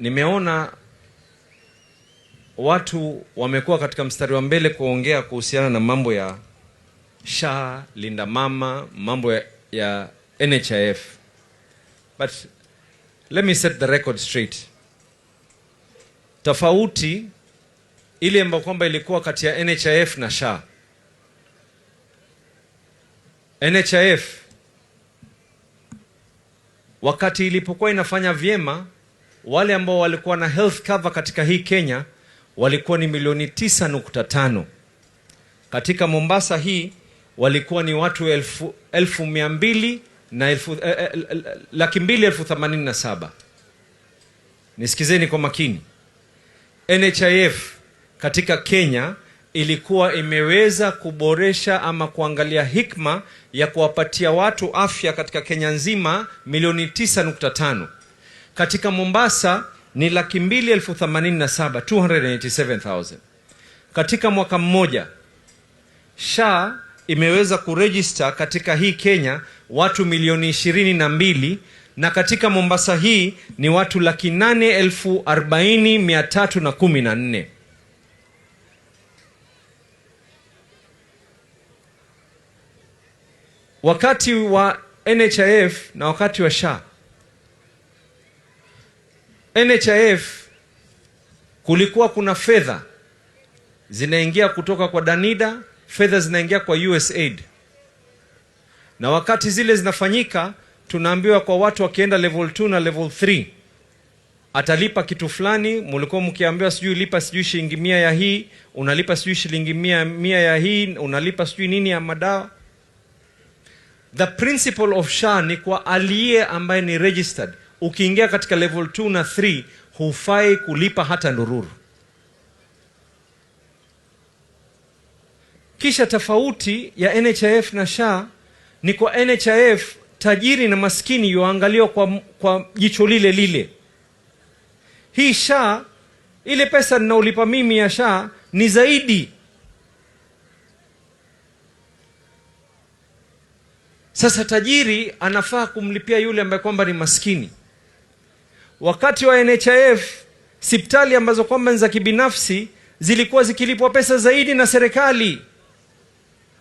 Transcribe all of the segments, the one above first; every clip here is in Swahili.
nimeona watu wamekuwa katika mstari wa mbele kuongea kuhusiana na mambo ya SHA, Linda Mama, mambo ya, ya NHIF. But let me set the record straight. Tofauti ile ambayo kwamba ilikuwa kati ya NHIF na SHA. NHIF wakati ilipokuwa inafanya vyema wale ambao walikuwa na health cover katika hii Kenya walikuwa ni milioni 9.5. Katika Mombasa hii walikuwa ni watu elfu, elfu mia mbili na elfu, eh, eh, laki mbili elfu themanini na saba. Nisikizeni kwa makini. NHIF katika Kenya ilikuwa imeweza kuboresha ama kuangalia hikma ya kuwapatia watu afya katika Kenya nzima milioni 9.5 katika Mombasa ni laki mbili elfu themanini na saba 287,000. Katika mwaka mmoja SHA imeweza kurejista katika hii Kenya watu milioni ishirini na mbili na katika Mombasa hii ni watu laki nane elfu arobaini mia tatu na kumi na nne. Wakati wa NHIF na wakati wa SHA NHIF kulikuwa kuna fedha zinaingia kutoka kwa Danida, fedha zinaingia kwa USAID, na wakati zile zinafanyika tunaambiwa kwa watu wakienda level 2 na level 3 atalipa kitu fulani. Mlikuwa mkiambiwa sijui lipa sijui shilingi mia ya hii unalipa sijui shilingi mia, mia ya hii unalipa sijui nini ya madawa. The principle of SHA ni kwa aliye ambaye ni registered Ukiingia katika level 2 na 3 hufai kulipa hata ndururu. Kisha tofauti ya NHIF na SHA ni kwa NHIF tajiri na maskini yuangaliwa kwa, kwa jicho lile lile. Hii SHA ile pesa ninaolipa mimi ya SHA ni zaidi. Sasa tajiri anafaa kumlipia yule ambaye kwamba ni maskini wakati wa NHIF sipitali ambazo kwamba ni za kibinafsi zilikuwa zikilipwa pesa zaidi na serikali.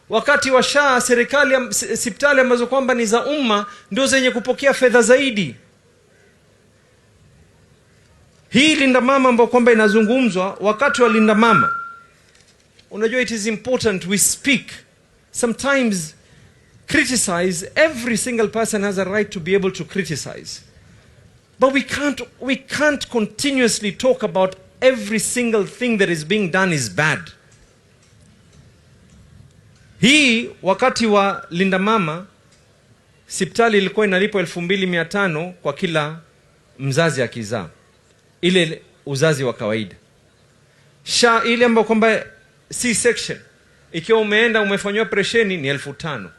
Wakati wa SHA serikali hospitali ambazo kwamba ni za umma ndio zenye kupokea fedha zaidi. Hii linda mama ambayo kwamba inazungumzwa wakati wa linda mama, unajua it is important we speak sometimes criticize every single person has a right to be able to criticize But we can't, we can't continuously talk about every single thing that is being done is bad. Hii wakati wa Linda Mama sipitali ilikuwa inalipwa elfu mbili mia tano kwa kila mzazi akizaa, ile uzazi wa kawaida. Sha ile ambayo kwamba C section ikiwa umeenda umefanyiwa operesheni ni elfu tano.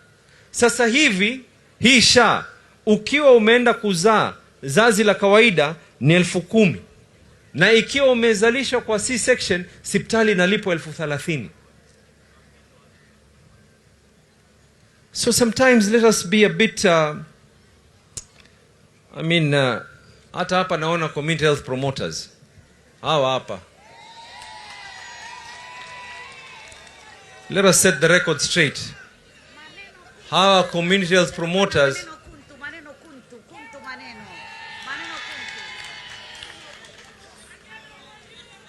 Sasa hivi hii sha ukiwa umeenda kuzaa zazi la kawaida ni elfu kumi na ikiwa umezalisha kwa C section sipitali inalipo elfu thalathini So sometimes let us be a bit uh, I mean uh, hata hapa naona community health promoters hawa hapa, let us set the record straight. Hawa community health promoters Maneno.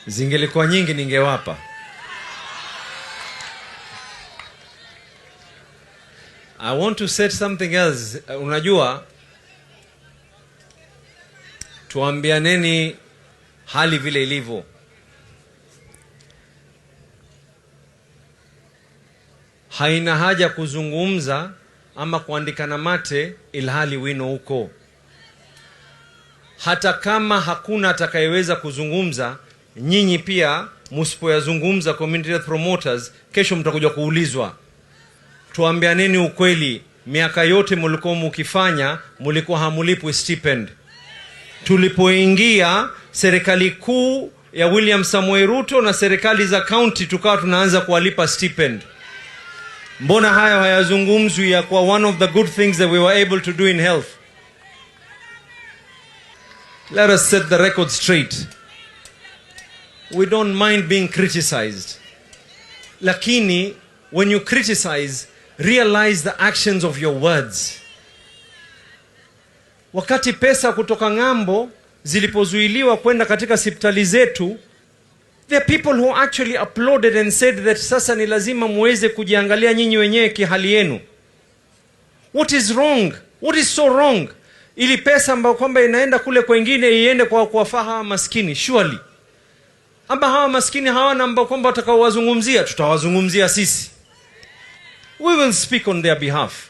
Zingelikuwa nyingi ningewapa. I want to set something else. Uh, unajua, tuambianeni hali vile ilivyo. Haina haja kuzungumza ama kuandikana mate ilhali wino huko. Hata kama hakuna atakayeweza kuzungumza nyinyi pia msipoyazungumza community health promoters, kesho mtakuja kuulizwa. Tuambianeni ukweli, miaka yote mlikuwa mukifanya, mlikuwa hamulipwi stipend. Tulipoingia serikali kuu ya William Samoei Ruto na serikali za kaunti, tukawa tunaanza kuwalipa stipend. Mbona hayo hayazungumzwi ya kwa one of the good things that we were able to do in health? Let us set the record straight we don't mind being criticized lakini when you criticize realize the actions of your words wakati pesa kutoka ng'ambo zilipozuiliwa kwenda katika sipitali zetu there are people who actually applauded and said that sasa ni lazima muweze kujiangalia nyinyi wenyewe kihali yenu what is wrong what is so wrong ili pesa ambayo kwamba inaenda kule kwengine iende kwa kuwafaha maskini surely amba hawa maskini hawana ambao kwamba watakaowazungumzia, tutawazungumzia sisi, we will speak on their behalf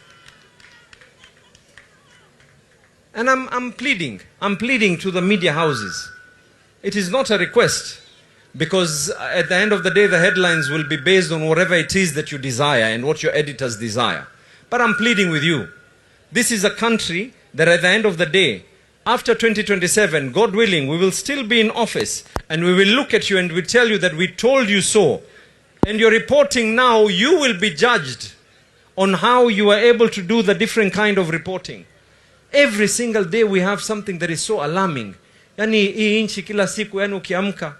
and I'm, I'm pleading I'm pleading to the media houses it is not a request because at the end of the day the headlines will be based on whatever it is that you desire and what your editors desire but I'm pleading with you this is a country that at the end of the day after 2027, God willing, we will still be in office and we will look at you and we tell you that we told you so. And you're reporting now, you will be judged on how you are able to do the different kind of reporting. Every single day we have something that is so alarming. Yani hii kila siku yani ukiamka